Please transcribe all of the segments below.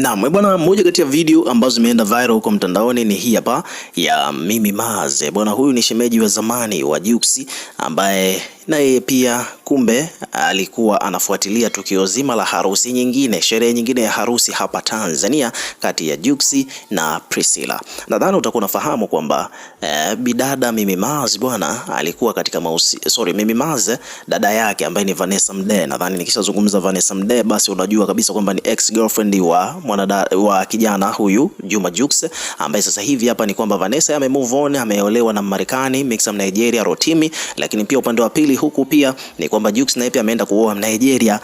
Naam, bwana, moja kati ya video ambazo zimeenda viral huko mtandaoni ni hii hapa ya Mimi Maze. Bwana, huyu ni shemeji wa zamani wa Jux ambaye naye pia kumbe alikuwa anafuatilia tukio zima la harusi nyingine, sherehe nyingine ya harusi hapa Tanzania kati ya Jux na Priscilla. Nadhani utakuwa unafahamu kwamba eh, bidada Mimi Maze bwana alikuwa katika mausi, sorry, Mimi Maze dada yake ambaye ni Vanessa Mdee. Nadhani nikishazungumza Vanessa Mdee basi unajua kabisa kwamba ni ex girlfriend wa mwanada wa kijana huyu Juma Jux ambaye sasa hivi hapa ni kwamba Vanessa ame move on, ameolewa na Marekani Mixam Nigeria Rotimi, lakini pia upande wa pili huku pia ni kwamba Jux naye pia ameenda kuoa Nigeria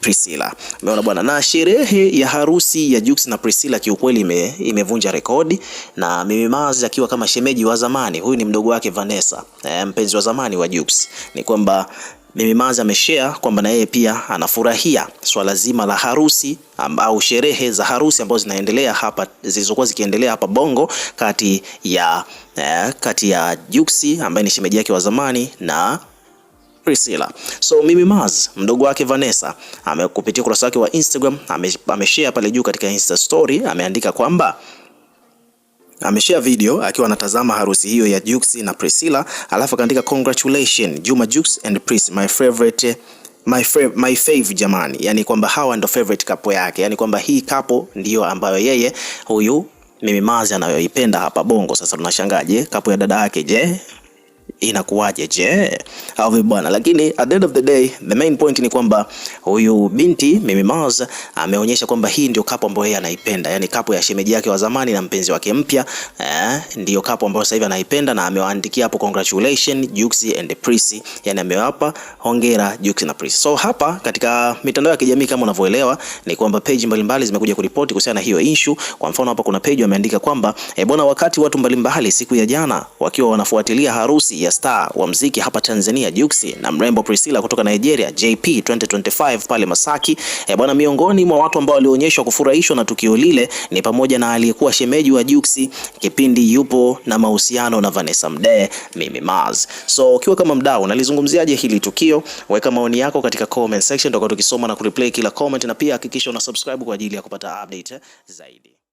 Priscilla. Umeona bwana, na sherehe ya harusi ya Jux na Priscilla kiukweli ime, imevunja rekodi na Mimi Maz akiwa kama shemeji wa zamani, huyu ni mdogo wake Vanessa, eh, mpenzi wa zamani wa Jux. Ni kwamba mimi Manzi ameshare kwamba na yeye pia anafurahia swala so zima la harusi au sherehe za harusi ambazo zinaendelea hapa zilizokuwa zikiendelea hapa Bongo kati ya eh, kati ya Juksi ambaye ni shemeji yake wa zamani na Priscilla. So Mimi Maz mdogo wake Vanessa amekupitia ukurasa wake wa Instagram ameshare pale juu katika Insta story ameandika kwamba ameshare video akiwa anatazama harusi hiyo ya Jux na Priscilla, alafu akaandika congratulations Juma Jux and Pris my favorite My, my fave jamani, yani kwamba hawa ndo favorite kapo yake, yani kwamba hii kapo ndiyo ambayo yeye huyu Mimi Mazi anayoipenda hapa Bongo. Sasa tunashangaje kapo ya dada yake je? inakuwaje je? Au bwana, lakini at the end of the day the main point ni kwamba huyu binti Mimi Mars ameonyesha kwamba hii ndio kapo ambayo yeye anaipenda, yani kapo ya shemeji yake wa zamani na mpenzi wake mpya eh, ndio kapo ambayo sasa hivi anaipenda, na amewaandikia hapo congratulations Jux and Prissy, yani amewapa hongera Jux na Prissy. So hapa katika mitandao ya kijamii kama unavyoelewa ni kwamba page mbalimbali zimekuja kuripoti kuhusiana na hiyo issue. Kwa mfano hapa kuna page ameandika kwamba e, eh, bwana, wakati watu mbalimbali siku ya jana wakiwa wanafuatilia harusi ya star wa mziki hapa Tanzania Juksi na mrembo Priscilla kutoka Nigeria JP 2025 pale Masaki. E bwana, miongoni mwa watu ambao walionyeshwa kufurahishwa na tukio lile ni pamoja na aliyekuwa shemeji wa Juksi kipindi yupo na mahusiano na Vanessa Mdee, mimi Maz. So ukiwa kama mdau unalizungumziaje hili tukio? Weka maoni yako katika comment section, tutakuwa tukisoma na kureplay kila comment, na pia hakikisha una subscribe kwa ajili ya kupata update zaidi.